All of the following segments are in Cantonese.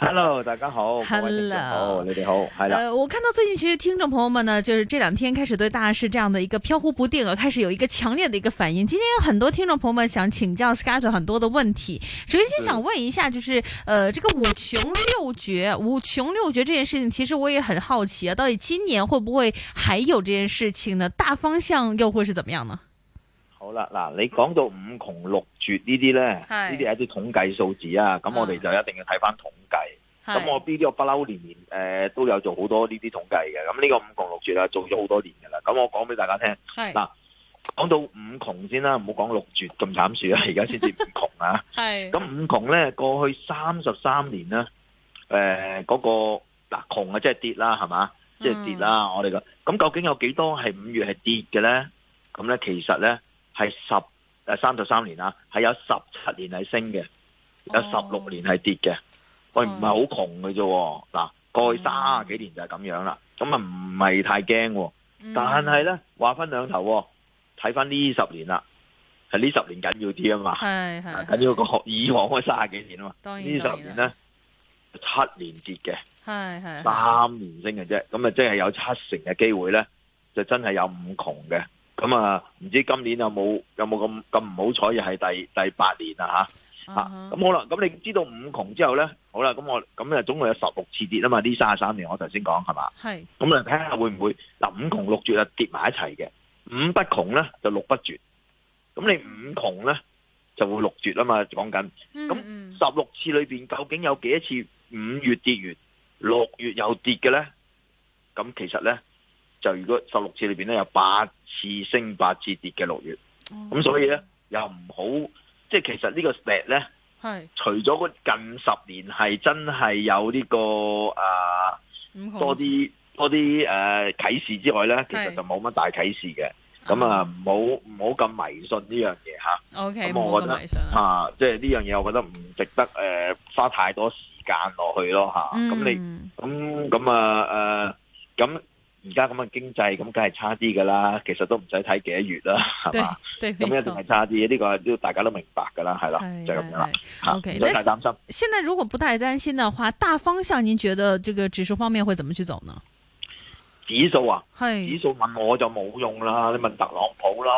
hello，大家好，hello 你哋好，係啦。誒、呃，我看到最近其實聽眾朋友們呢，就是這兩天開始對大事這樣的一個飄忽不定啊，開始有一個強烈的一個反應。今天有很多聽眾朋友們想請教 SkySir 很多的問題，首先先想問一下，就是，是呃，這個五窮六絕，五窮六絕這件事情，其實我也很好奇啊，到底今年會不會還有這件事情呢？大方向又會是怎麼樣呢？好啦，嗱，你講到五窮六絕呢啲咧，呢啲喺啲統計數字啊，咁我哋就一定要睇翻統。啊咁我呢啲我不嬲年年誒、呃、都有做好多呢啲統計嘅，咁呢個五窮六絕啦，做咗好多年噶啦。咁我講俾大家聽，嗱，講到五窮先啦，唔好講六絕咁慘樹啊，而家先至五窮啊。係， 咁五窮咧過去三十三年呢，誒、呃、嗰、那個嗱窮啊，即係跌啦，係嘛，即、就、係、是、跌啦、嗯，我哋嘅。咁究竟有幾多係五月係跌嘅咧？咁咧其實咧係十誒三十三年啦，係有十七年係升嘅，有十六年係跌嘅。哦喂、哦，唔係好窮嘅啫，嗱過去卅幾年就係咁樣啦，咁啊唔係太驚、嗯，但係咧話分兩頭，睇翻呢十年啦，係呢十年緊要啲啊嘛，緊要過以往嘅卅幾年啊嘛，嗯、當然呢十年咧七年跌嘅，三年升嘅啫，咁啊即係有七成嘅機會咧，就真係有五窮嘅，咁啊唔知今年有冇有冇咁咁唔好彩又係第第八年啊嚇？咁、uh -huh. 啊、好啦，咁你知道五窮之後咧，好啦，咁我咁啊，總共有十六次跌啊嘛，呢卅三年我頭先講係嘛，係，咁你睇下會唔會嗱，五窮六絕啊跌埋一齊嘅，五不窮咧就六不絕，咁你五窮咧就會六絕啊嘛，講緊，咁十六次裏邊究竟有幾多次五月跌完六月又跌嘅咧？咁其實咧就如果十六次裏邊咧有八次升八次跌嘅六月，咁所以咧、uh -huh. 又唔好。即係其實這個 stack 呢個 step 咧，係除咗近十年係真係有呢、這個啊、呃嗯、多啲多啲誒啟示之外咧，其實就冇乜大啟示嘅。咁、嗯、啊，唔好唔好咁迷信呢樣嘢吓。O K，咁我覺得啊，即係呢樣嘢，我覺得唔值得誒、呃、花太多時間落去咯吓。咁、啊嗯、你咁咁啊誒咁。而家咁嘅經濟，咁梗係差啲噶啦。其實都唔使睇幾多月啦，係嘛？咁一定係差啲，呢、這個都大家都明白噶啦，係啦，就咁、是、樣啦。OK，唔使太擔心。現在如果不太擔心嘅話，大方向你覺得這個指數方面會怎麼去走呢？指數啊，係，指數問我就冇用啦，你問特朗普啦，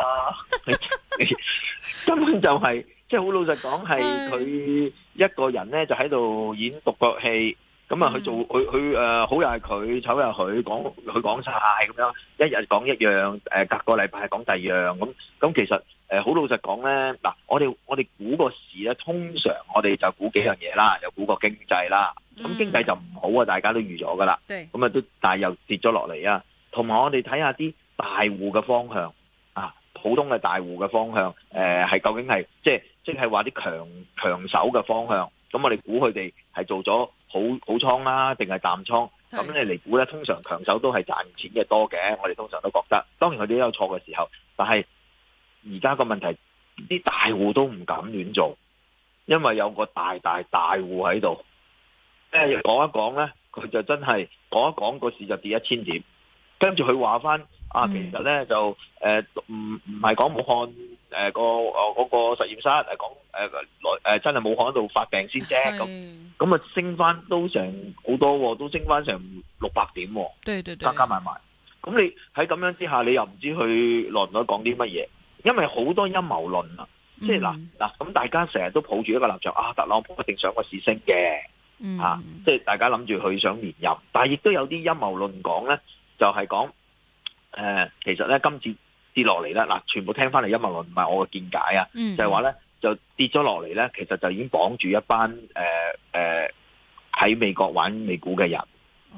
根 本 就係、是、 即係好老實講，係佢一個人咧就喺度演獨角戲。咁、嗯、啊，佢、嗯、做佢佢誒好又係佢，醜又係佢，講佢講晒，咁樣，一日講一樣誒、呃，隔個禮拜係講第二樣咁。咁、嗯嗯、其實誒好、呃、老實講咧，嗱，我哋我哋估個市咧，通常我哋就估幾樣嘢啦，又估個經濟啦。咁、嗯嗯、經濟就唔好啊，大家都預咗噶啦。咁啊，都但係又跌咗落嚟啊。同埋我哋睇下啲大戶嘅方向啊，普通嘅大戶嘅方向誒，係究竟係即係即係話啲強強手嘅方向。咁、啊、我哋估佢哋係做咗。好好倉啦、啊，定係淡倉，咁你嚟估呢，通常強手都係賺錢嘅多嘅。我哋通常都覺得，當然佢哋都有錯嘅時候，但係而家個問題，啲大戶都唔敢亂做，因為有個大大大戶喺度。即係講一講呢，佢就真係講一講個市就跌一千點，跟住佢話翻啊，其實呢就誒，唔唔係講武漢。誒、呃，嗰個誒、嗰個實驗室誒講誒來誒真係武漢度發病先啫，咁咁啊升翻都成好多，哦，都升翻成六百點，哦，對對對，加加埋埋。咁你喺咁樣之下，你又唔知佢來唔來講啲乜嘢，因為好多陰謀論啊，即係嗱嗱咁，大家成日都抱住一個立場啊，特朗普一定想個市升嘅，mm -hmm. 啊，即係大家諗住佢想連任，但係亦都有啲陰謀論講咧，就係講誒，其實咧今次。跌落嚟啦，嗱，全部聽翻嚟，因為唔係我嘅見解啊，就係話咧，就跌咗落嚟咧，其實就已經綁住一班誒誒喺美國玩美股嘅人，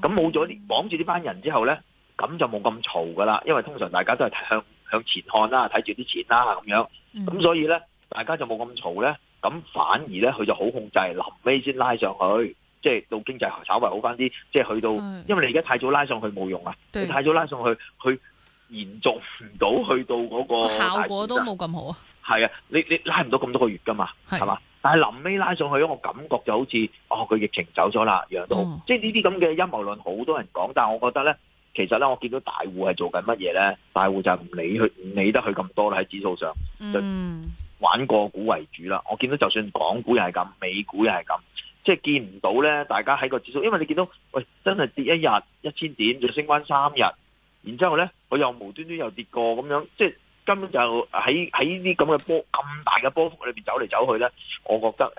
咁冇咗綁住呢班人之後咧，咁就冇咁嘈噶啦，因為通常大家都係向向前看啦，睇住啲錢啦咁樣，咁所以咧，大家就冇咁嘈咧，咁反而咧，佢就好控制，臨尾先拉上去，即係到經濟稍微好翻啲，即係去到，因為你而家太早拉上去冇用啊，你太早拉上去，佢。延續唔到，去到嗰個效果都冇咁好啊！係啊，你你拉唔到咁多個月噶嘛，係嘛？但係臨尾拉上去，我感覺就好似哦，佢疫情走咗啦，樣都好、哦、即係呢啲咁嘅陰謀論，好多人講，但係我覺得咧，其實咧，我見到大戶係做緊乜嘢咧？大戶就唔理去唔理得佢咁多啦，喺指數上、嗯、就玩個股為主啦。我見到就算港股又係咁，美股又係咁，即係見唔到咧，大家喺個指數，因為你見到喂真係跌一日一千點，就升翻三日。然之後咧，佢又無端端又跌過咁樣，即係根本就喺喺呢啲咁嘅波咁大嘅波幅裏面走嚟走去咧，我覺得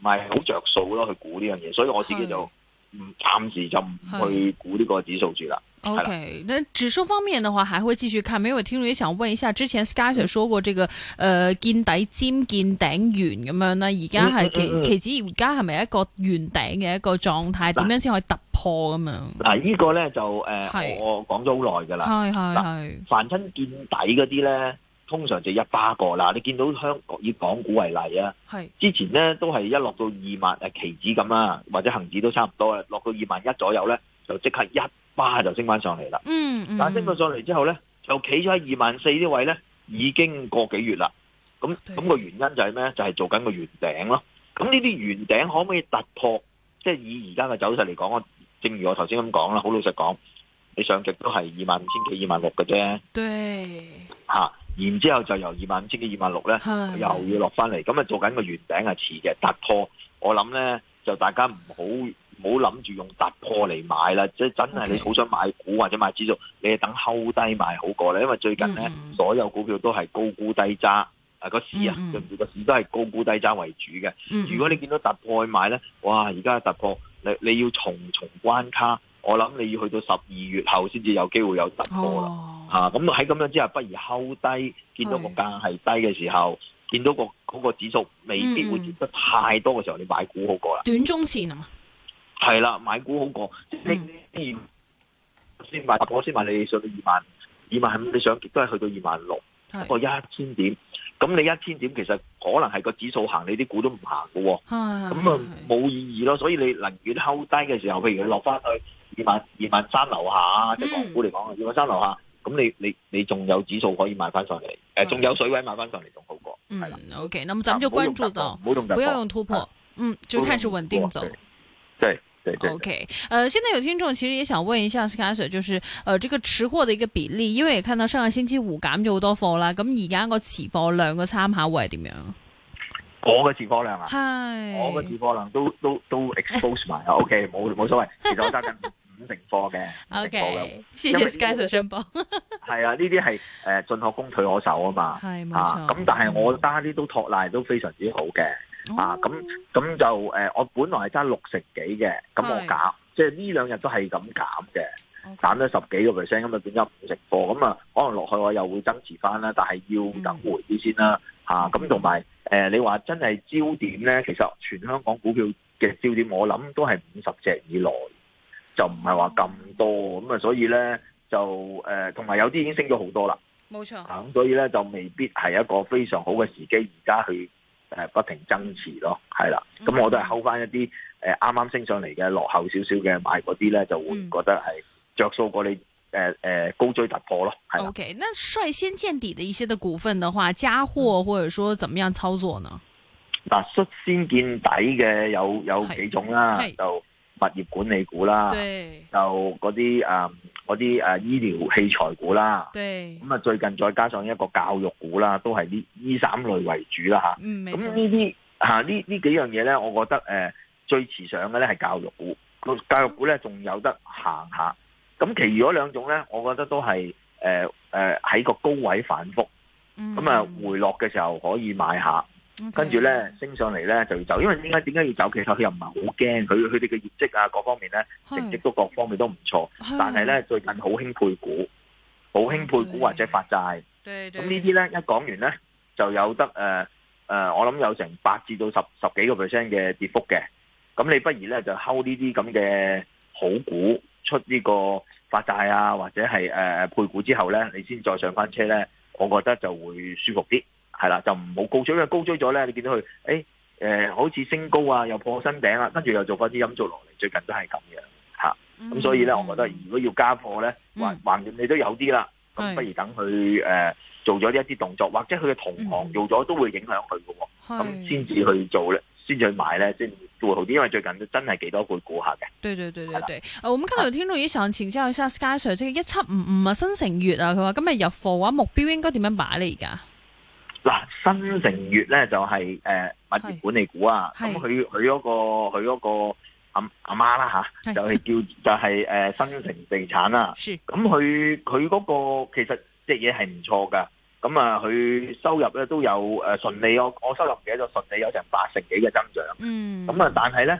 誒唔係好着數咯，去估呢樣嘢，所以我自己就唔暫時就唔去估呢個指數住啦。O K，那指數方面的話，還會繼續看。每位聽眾也想問一下，之前 Sky Sir、嗯、說過這個，誒、呃、見底尖見頂圓咁樣啦。而家係期期指而家係咪一個圓頂嘅一個狀態？點樣先可以突破咁樣？嗱、呃，這個、呢個咧就誒、呃，我講咗好耐噶啦。係係係，凡親、呃、見底嗰啲咧，通常就一巴過啦。你見到香港以港股為例啊，之前咧都係一落到二萬誒期指咁啦，或者恒指都差唔多啊，落到二萬一左右咧，就即刻一。巴就升翻上嚟啦，嗯，嗯但升到上嚟之後咧，就企咗喺二萬四啲位咧，已經個幾月啦。咁咁個原因就係咩？就係做緊個圓頂咯。咁呢啲圓頂可唔可以突破？即係以而家嘅走勢嚟講，我正如我頭先咁講啦，好老實講，你上極都係二萬五千幾、二萬六嘅啫。對，吓，然之後就由二萬五千幾、二萬六咧，又要落翻嚟。咁啊，做緊個圓頂係遲嘅突破。我諗咧，就大家唔好。唔好諗住用突破嚟買啦，即係真係你好想買股或者買指數，okay. 你係等 hold 低買好過啦。因為最近咧，mm -hmm. 所有股票都係高沽低揸，啊、那個市啊，甚、mm -hmm. 個市都係高沽低揸為主嘅。Mm -hmm. 如果你見到突破去買咧，哇！而家突破，你你要重重關卡，我諗你要去到十二月後先至有機會有突破啦。Oh. 啊，咁喺咁樣之下，不如 hold 低見到個價係低嘅時候，okay. 見到個嗰個指數未必會跌得太多嘅時候，mm -hmm. 你買股好過啦。短中線啊？係啦，買股好過你、嗯、先買，我先買你上到二萬，二萬五，你想都係去到二萬六，不過一千點。咁你一千點其實可能係個指數行，你啲股都唔行嘅。咁啊，冇意義咯。所以你寧願 hold 低嘅時候，譬如你落翻去二萬、二萬三樓下即係、嗯就是、港股嚟講，二萬三樓下，咁你你你仲有指數可以買翻上嚟，誒，仲、呃、有水位買翻上嚟仲好過。嗯，嗯，OK。那麼咱們就關注到不要用突破，不要用突破，突破啊、嗯，就開始穩定走，即係。O K，誒，現在有聽眾其實也想問一下 Sky Sir，就是誒，這個持貨的一個比例，因為看到上個星期五減咗好多貨啦，咁而家個持貨量嘅參考位係點樣？我嘅持貨量啊，係，我嘅持貨量都都都 expose 埋 ，O、okay, K，冇冇所謂，其實我揸緊五成貨嘅，O K，謝謝 Sky Sir 上報。係、okay. okay. 啊，呢啲係誒，進可攻退可守啊嘛，係咁、啊啊、但係我揸啲都托賴都非常之好嘅。Oh. 啊，咁咁就誒、呃，我本來係揸六成幾嘅，咁我減，即係呢兩日都係咁減嘅，減、okay. 咗十幾個 percent，咁啊，變咗唔食貨？咁啊，可能落去我又會增持翻啦，但係要等回啲先啦、啊，吓、mm -hmm. 啊，咁同埋誒，你話真係焦點咧，其實全香港股票嘅焦點，我諗都係五十隻以內，就唔係話咁多，咁、mm -hmm. 啊，所以咧就誒，同、呃、埋有啲已經升咗好多啦，冇錯，咁、啊、所以咧就未必係一個非常好嘅時機，而家去。不停增持咯，係啦，咁我都係 hold 翻一啲誒，啱、嗯、啱、呃、升上嚟嘅落後少少嘅買嗰啲咧，就會覺得係着數過你誒誒、嗯呃呃、高追突破咯，係 O K，那率先見底的一些嘅股份的話，加貨或者說怎麼樣操作呢？嗱、嗯，率先見底嘅有有幾種啦、啊，就。物業管理股啦，就嗰啲誒、嗰啲誒、醫療器材股啦，咁啊最近再加上一個教育股啦，都係呢呢三類為主啦吓。咁呢啲吓呢呢幾樣嘢咧，我覺得誒、呃、最持上嘅、最遲上嘅咧係教育股，個教育股咧仲有得行下。咁其餘嗰兩種咧，我覺得都係誒誒喺個高位反覆，咁、嗯、啊回落嘅時候可以買下。Okay. 跟住咧升上嚟咧就要走，因為點解點解要走？其實佢又唔係好驚，佢佢哋嘅業績啊，各方面咧成績都各方面都唔錯。是但係咧最近好興配股，好興配股或者發債。咁呢啲咧一講完咧就有得誒誒、呃呃，我諗有成八至到十十幾個 percent 嘅跌幅嘅。咁你不如咧就拋呢啲咁嘅好股出呢個發債啊，或者係誒、呃、配股之後咧，你先再上翻車咧，我覺得就會舒服啲。係啦，就唔好高追，因為高追咗咧。你見到佢誒誒，好似升高啊，又破新頂啊，跟住又做翻啲音做落嚟。最近都係咁樣吓咁、啊 mm -hmm. 嗯，所以咧，我覺得如果要加貨咧，橫橫掂你都有啲啦，咁、mm -hmm. 不如等佢誒做咗一啲動作，或者佢嘅同行做咗都會影響佢喎。咁先至去做咧，先至去買咧，先會好啲。因為最近真係幾多配股客嘅。對對對對對。我們看到上前之後想請教一下 SkySir，即係一七五五啊，新城月啊，佢話今日入貨話、啊、目標應該點樣買咧？而家？嗱，新城悅咧就係、是、誒、呃、物業管理股啊，咁佢佢嗰個佢嗰、那個阿阿媽啦吓，就係、是、叫就係、是、誒、就是呃、新城地產啦、啊，咁佢佢嗰個其實隻嘢係唔錯噶，咁啊佢收入咧都有誒順、呃、利，我我收入唔記得咗，順利有成八成幾嘅增長，咁、嗯、啊但係咧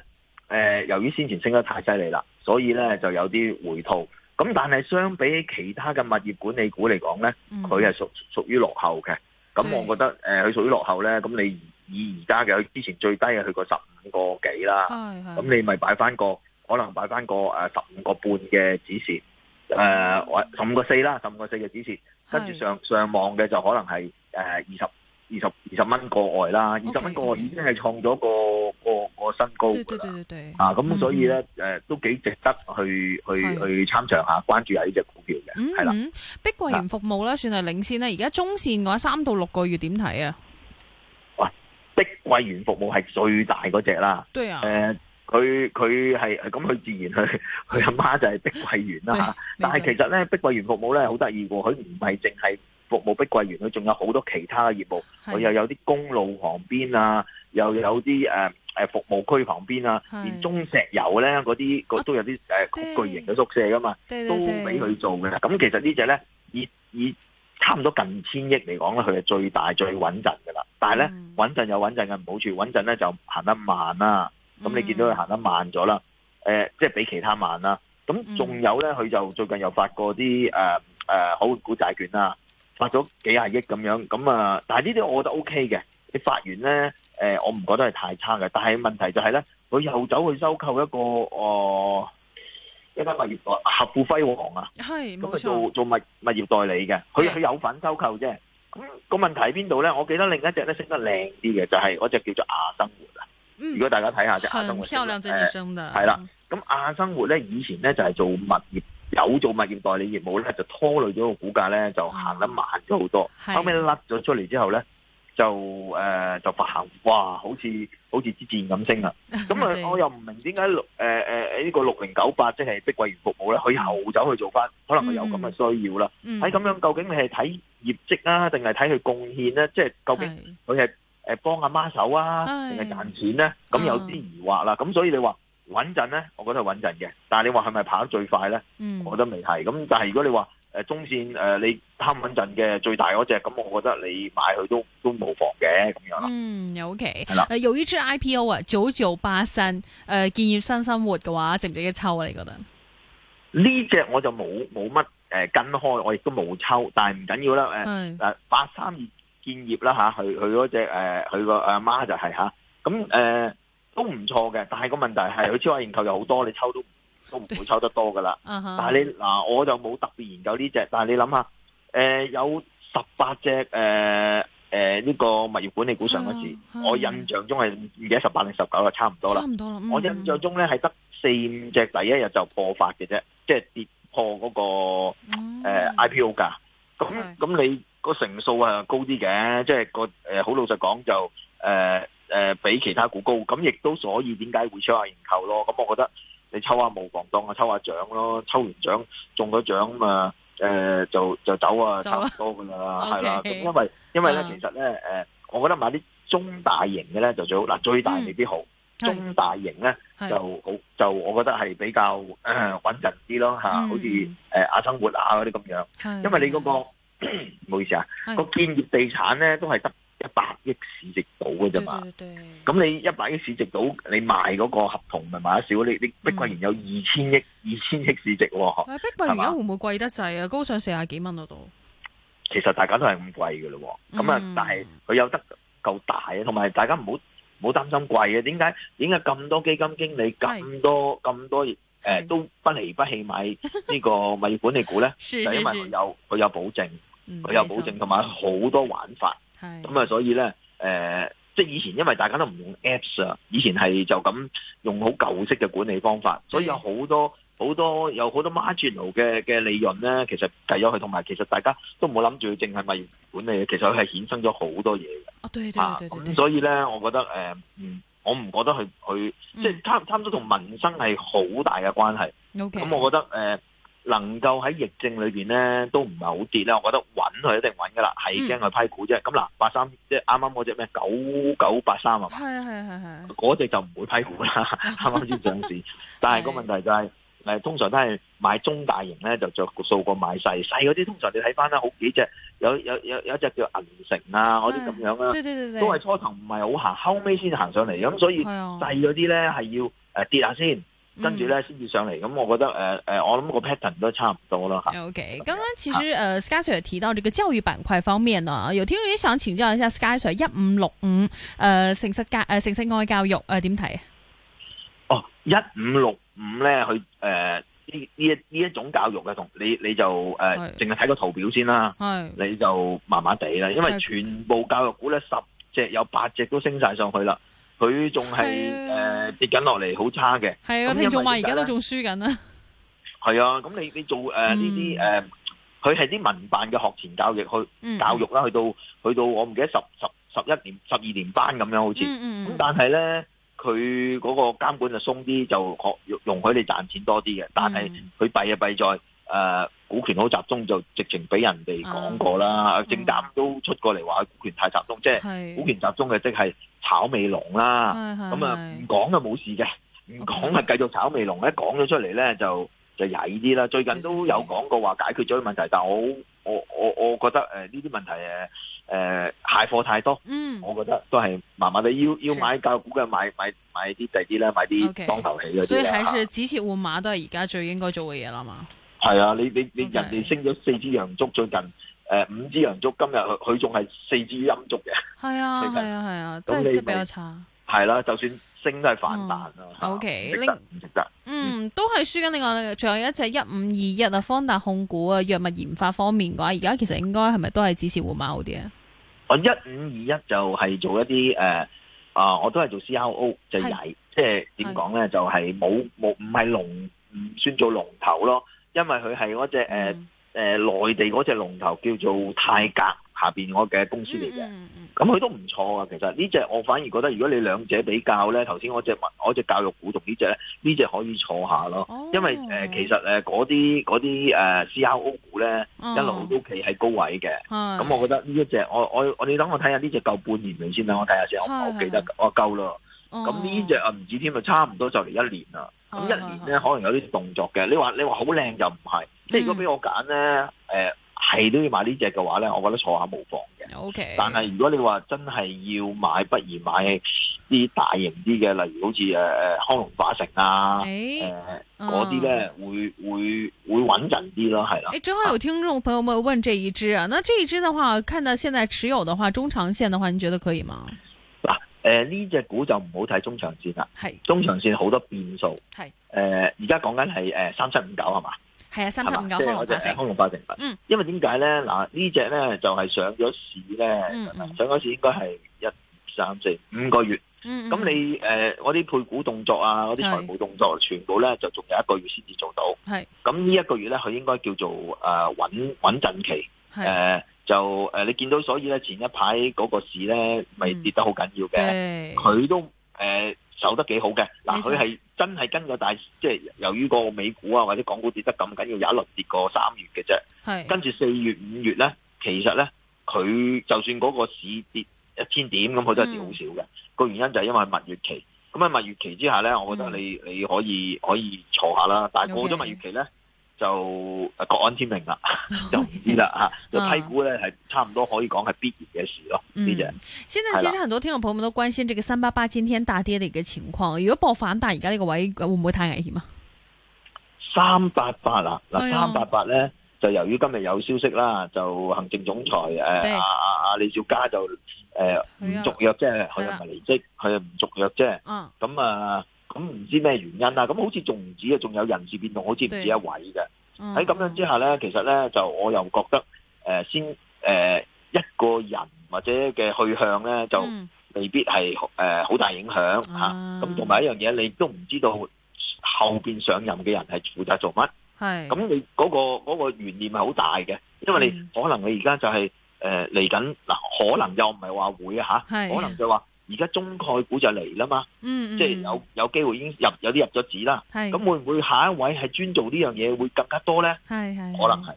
誒由於先前升得太犀利啦，所以咧就有啲回吐，咁但係相比其他嘅物業管理股嚟講咧，佢係屬屬於落後嘅。咁我覺得誒佢、呃、屬於落後咧，咁你以而家嘅佢之前最低嘅去過十五個幾啦，咁你咪擺翻個可能擺翻個誒十五個半嘅指示，誒十五個四啦，十五個四嘅指示，跟住上上網嘅就可能係誒二十二十二十蚊個外啦，二十蚊個外已經係創咗個。個個身高噶啦，啊，咁所以咧，誒、嗯，都幾值得去去去參詳一下，關注一下呢隻股票嘅，係、嗯、啦、嗯。碧桂園服務咧，算係領先咧。而家中線嘅話，三到六個月點睇啊？哇！碧桂園服務係最大嗰隻啦。對啊。誒、呃，佢佢係咁，佢自然佢佢阿媽就係碧桂園啦。但係其實咧，碧桂園服務咧好得意喎，佢唔係淨係服務碧桂園，佢仲有好多其他嘅業務，佢又有啲公路旁邊啊，又有啲誒。呃誒，服務區旁邊啊，連中石油咧嗰啲，都有啲誒巨型嘅宿舍噶嘛，啊、都俾佢做嘅啦。咁、嗯嗯嗯、其實呢隻咧，以以差唔多近千億嚟講咧，佢係最大最穩陣㗎啦。但係咧，穩陣有穩陣嘅唔好處，穩陣咧就行得慢啦。咁你見到佢行得慢咗啦，誒、嗯呃，即係比其他慢啦。咁仲有咧，佢就最近又發過啲誒、呃呃、好股債券啦、啊、發咗幾廿億咁樣。咁啊、呃，但係呢啲我覺得 OK 嘅。你發言咧，誒、呃，我唔覺得係太差嘅，但係問題就係咧，佢又走去收購一個哦、呃，一間物業代理合富輝煌啊，係冇錯，做做物物業代理嘅，佢佢、啊、有份收購啫。咁個、嗯、問題喺邊度咧？我記得另一隻咧，升得靚啲嘅，就係嗰隻叫做亞生活啊、嗯。如果大家睇下隻、欸嗯、亞生活，漂亮最啱的係啦。咁亞生活咧，以前咧就係、是、做物業，有做物業代理業務咧，就拖累咗個股價咧，就行得慢咗好多。嗯、後尾甩咗出嚟之後咧。就誒、呃、就發行，哇！好似好似支箭咁升啊！咁啊，我又唔明點解六誒誒呢個六零九八即係碧桂園服務咧，佢又走去做翻，可能佢有咁嘅需要啦。睇、mm、咁 -hmm. 哎、樣究竟你係睇業績啊，定係睇佢貢獻咧、啊？即係究竟佢係誒幫阿媽手啊，定係賺錢咧？咁有啲疑惑啦。咁、uh. 所以你話穩陣咧，我覺得係穩陣嘅。但係你話係咪跑得最快咧？Mm -hmm. 我覺得未係。咁但係如果你話，誒，中線誒、呃，你貪穩陣嘅最大嗰隻，咁我覺得你買佢都都冇妨嘅咁樣啦。嗯，OK。係啦，誒，有一隻 IPO 啊，早做八三誒、呃，建業新生，生活嘅話，值唔值得抽啊？你覺得呢隻我就冇冇乜誒跟開，我亦都冇抽，但係唔緊要啦。誒誒、呃，八三建業啦吓，佢佢嗰隻誒，佢個阿媽就係、是、吓，咁、啊、誒、呃、都唔錯嘅，但係個問題係佢超額認購又好多，你抽都。都唔會抽得多噶啦，uh -huh. 但係你嗱，我就冇特別研究呢隻，但係你諗下，誒、呃、有十八隻誒誒呢個物業管理股上嗰時，我印象中係而家十八定十九就差唔多啦、嗯。我印象中咧係得四五隻第一日就破發嘅啫，即係跌破嗰、那個、呃嗯、IPO 價。咁咁你個成數啊高啲嘅，即、就、係、是那個誒好、呃、老實講就誒誒、呃呃、比其他股高，咁亦都所以點解會搶下研究咯？咁我覺得。你抽下冇房當，啊，抽下獎咯，抽完獎中咗獎咁誒就就走啊，差唔多噶啦，係、okay, 啦。咁因為因為咧、嗯，其實咧，誒，我覺得買啲中大型嘅咧就最好。嗱，最大未必好、嗯，中大型咧、嗯、就好，就我覺得係比較誒穩陣啲咯吓，好似誒雅生活啊嗰啲咁樣。因為你嗰、個，唔 好意思啊，個建業地產咧都係得。億市值到嘅啫嘛，咁你一百億市值到，你賣嗰個合同咪賣得少？你你碧桂園有二千億、二千億市值，碧桂園？會唔會貴得滯啊？高上四十幾蚊嗰度？其實大家都係咁貴嘅咯，咁啊，但係佢有得夠大，同埋大家唔好唔好擔心貴呀。點解點解咁多基金經理咁多咁多誒都不離不棄買呢個物業管理股咧？就因為佢有佢有保證，佢有保證，同埋好多玩法。係咁啊，所以咧，誒、呃，即係以前，因為大家都唔用 Apps 啊，以前係就咁用好舊式嘅管理方法，所以有好多好多有好多 marginal 嘅嘅利潤咧，其實計咗佢，同埋其實大家都冇諗住淨係物業管理嘅，其實佢係衍生咗好多嘢嘅，哦，啊，咁、嗯、所以咧，我覺得誒，嗯，我唔覺得佢佢、嗯，即係差差唔多同民生係好大嘅關係，咁、okay。嗯、我覺得誒。嗯能夠喺疫症裏邊咧都唔係好跌呢，我覺得穩佢一定穩噶啦，係驚佢批股啫。咁嗱，八三即係啱啱嗰隻咩九九八三啊嘛，係啊，係係係，嗰隻就唔會批股啦，啱啱先上市。但係個問題就係、是、誒， 通常都係買中大型咧就着數過買細細嗰啲，通常你睇翻呢，好幾隻，有有有有，有一隻叫銀城啊，嗰啲咁樣啊，是是是是都係初頭唔係好行， 後尾先行上嚟。咁所以細嗰啲咧係要誒、呃、跌下先。跟住咧，先、嗯、至上嚟，咁、嗯、我覺得誒誒、呃，我諗個 pattern 都差唔多啦。OK，嗯、剛剛其實誒，Scar Sir 提到這個教育板塊方面啊，有聽眾上前咗，下 Scar Sir 一五六五誒，成實教誒，成實外教、呃、教育誒，點睇啊？哦，一五六五咧，佢、呃、誒，呢呢呢一種教育嘅同你你就誒，淨係睇個圖表先啦，係你就麻麻地啦，因為全部教育股咧十隻有八隻都升晒上去啦。佢仲係誒跌緊落嚟，好差嘅。係個聽眾話，而家都仲輸緊啦。係啊，咁、呃啊 啊、你你做誒呢啲誒，佢係啲民辦嘅學前教育去教育啦，去到去到我唔記得十十十一年、十二年班咁樣，好似。嗯咁、嗯、但係咧，佢嗰個監管就鬆啲，就可容許你賺錢多啲嘅。但係佢弊就弊在誒，股權好集中，就直情俾人哋講過啦。證監都出過嚟話佢股權太集中，okay, okay, okay. 啊 okay. 即係股權集中嘅即係。炒味濃啦，咁啊唔講就冇事嘅，唔講係繼續炒味濃，一講咗出嚟，咧就就曳啲啦。最近都有講過話解決咗啲問題，但係我我我我覺得誒呢啲問題誒誒蟹貨太多、嗯，我覺得都係麻麻地要要買教育股嘅，買買買啲第啲啦，買啲當頭起嘅。所以係指切換馬都係而家最應該做嘅嘢啦嘛。係啊，你你你、okay. 人哋升咗四支陽燭最近。誒、呃，五支陽燭今日佢仲係四支陰燭嘅，係啊，係啊，係啊，即、啊 啊啊就是、比較差。係啦、啊，就算升都係反彈、嗯、啊。O K，值唔值得，值得嗯？嗯，都係輸緊。另外，仲有一隻一五二一啊，方達控股啊，藥物研發方面嘅話，而家其實應該係咪都係支持護貓啲啊？我、哦、一五二一就係做一啲誒、呃、啊，我都係做 C R O，就曳，即係點講咧，就係冇冇唔係龍，唔、就是、算做龍頭咯，因為佢係嗰隻誒。嗯誒、呃，內地嗰隻龍頭叫做泰格下邊我嘅公司嚟嘅，咁佢都唔錯啊。其實呢隻我反而覺得，如果你兩者比較咧，頭先嗰隻文嗰隻教育股同呢隻咧，呢隻可以坐下咯。哦、因為誒，呃嗯、其實誒嗰啲嗰啲誒 CRO 股咧、哦、一路都企喺高位嘅，咁、哦嗯嗯、我覺得呢一隻我我我你等我睇下呢隻夠半年未先啦，我睇下隻，哦、我我記得、哦、我夠咯。咁呢隻啊唔止添，咪差唔多就嚟一年啦。咁一年咧，可能有啲動作嘅，oh, oh, oh。你話你話好靚就唔係。即、嗯、係如果俾我揀咧，誒、呃、係都要買呢隻嘅話咧，我覺得坐下無妨嘅。O K。但係如果你話真係要買，不如買啲大型啲嘅，例如好似誒誒康龍化成啊，誒嗰啲咧會會會穩陣啲咯，係啦。誒、欸，正好有聽眾朋友們問這一支啊，啊，那這一支嘅話，看到現在持有的話，中長線的話，你覺得可以嗎？誒、呃，呢隻股就唔好睇中長線啦，係中長線好多變數，係誒而家講緊係誒三七五九係嘛，係、呃、啊三七五九康龍化、康龍化成品，嗯，因為點解咧嗱呢、呃、隻咧就係、是、上咗市咧、嗯嗯，上咗市應該係一三四五個月，咁、嗯嗯嗯、你誒嗰啲配股動作啊，嗰啲財務動作、啊、全部咧就仲有一個月先至做到，係，咁呢一個月咧佢應該叫做誒、呃、穩穩陣期，係。呃就誒、呃，你見到所以咧，前一排嗰個市咧，咪、嗯、跌得好緊要嘅，佢都誒、呃、守得幾好嘅。嗱，佢係真係跟個大，即、就、係、是、由於個美股啊或者港股跌得咁緊要，有一輪跌過三月嘅啫。係跟住四月五月咧，其實咧，佢就算嗰個市跌一千點，咁佢都係跌好少嘅。個、嗯、原因就係因為蜜月期。咁喺蜜月期之下咧，我覺得你、嗯、你可以可以坐下啦。但係過咗蜜月期咧。Okay. 就各安天命啦， 就唔知啦吓，okay, 就批股咧係差唔多可以講係必然嘅事咯，呢、嗯、隻。先生，其實很多聽眾朋友們都關心這個三八八今天大跌的一個情況，如果博反彈而家呢個位置會唔會太危險啊？三八八啦、啊，嗱、uh, 三八八咧，uh, 就由於今日有消息啦，就行政總裁誒阿阿李小加就誒唔續約，即係佢又唔離職，佢又唔續約，啫、uh,。咁、uh, 啊。Uh, 咁唔知咩原因啊，咁好似仲唔止啊，仲有人事變動，好似唔止一位嘅。喺咁樣之下咧，其實咧就我又覺得，誒、呃、先誒、呃、一個人或者嘅去向咧就未必係誒好大影響嚇。咁同埋一樣嘢，你都唔知道後邊上任嘅人係負責做乜。係咁，你嗰個嗰個懸念係好大嘅，因為你、嗯、可能你而家就係誒嚟緊嗱，可能又唔係話會嚇、啊，可能就話。而家中概股就嚟啦嘛，嗯嗯即係有有機會已經入有啲入咗紙啦。咁會唔會下一位係專做呢樣嘢會更加多呢？係係可能係，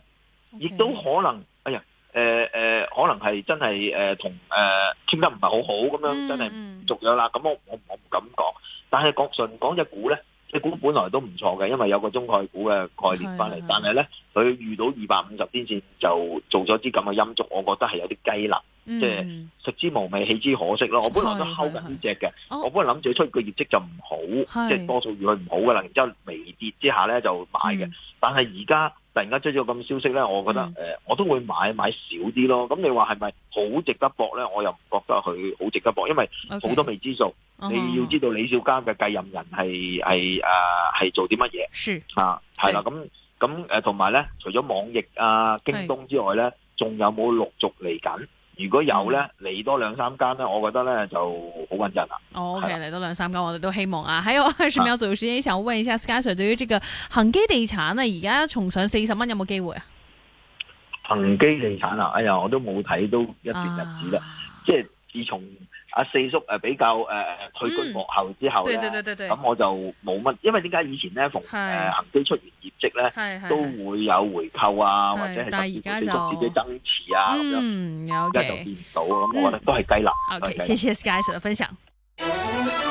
亦、okay, 都可能哎呀，誒、呃、誒、呃，可能係真係誒同誒簽得唔係好好咁樣真的不足了，真係續咗啦。咁我我唔敢講。但係國順講隻股呢，隻、這個、股本來都唔錯嘅，因為有個中概股嘅概念翻嚟。但係呢，佢遇到二百五十天線就做咗啲咁嘅陰燭，我覺得係有啲雞肋。即、嗯、係食之無味，棄之可惜咯。我本來都 hold 緊呢隻嘅，我本來諗住出個業績就唔好，即係多數預佢唔好噶啦。然之後微跌之下咧就買嘅，嗯，但係而家突然間出咗咁消息咧，我覺得誒，嗯呃，我都會買，買少啲咯。咁你話係咪好值得搏咧？我又唔覺得佢好值得搏，因為好多未知數。Okay, uh-huh, 你要知道李小加嘅繼任人係係誒，係做啲乜嘢啊？係啦，咁咁誒，同埋咧，除咗網易啊、京東之外咧，仲有冇陸續嚟緊？如果有咧，嚟多兩三間咧，我覺得咧就好穩陣啦。Oh, OK，嚟多兩三間，我哋都希望啊。喺有二十秒左右時間，想問一下士佳 Sir 對於呢個恒基地產啊，而家重上四十蚊有冇機會啊？恆基地產啊，哎呀，我都冇睇到一段日子啦，啊，即係自從。阿四叔比較誒、呃、退居幕後之後咧，咁、嗯、我就冇乜，因為點解以前咧逢誒恒、呃、基出完業績咧，都會有回購啊是，或者係特別做自己增持啊咁、嗯、樣，而家就見唔到，咁、嗯、我覺得都係雞肋。謝謝謝 Sky Sir 嘅分享。嗯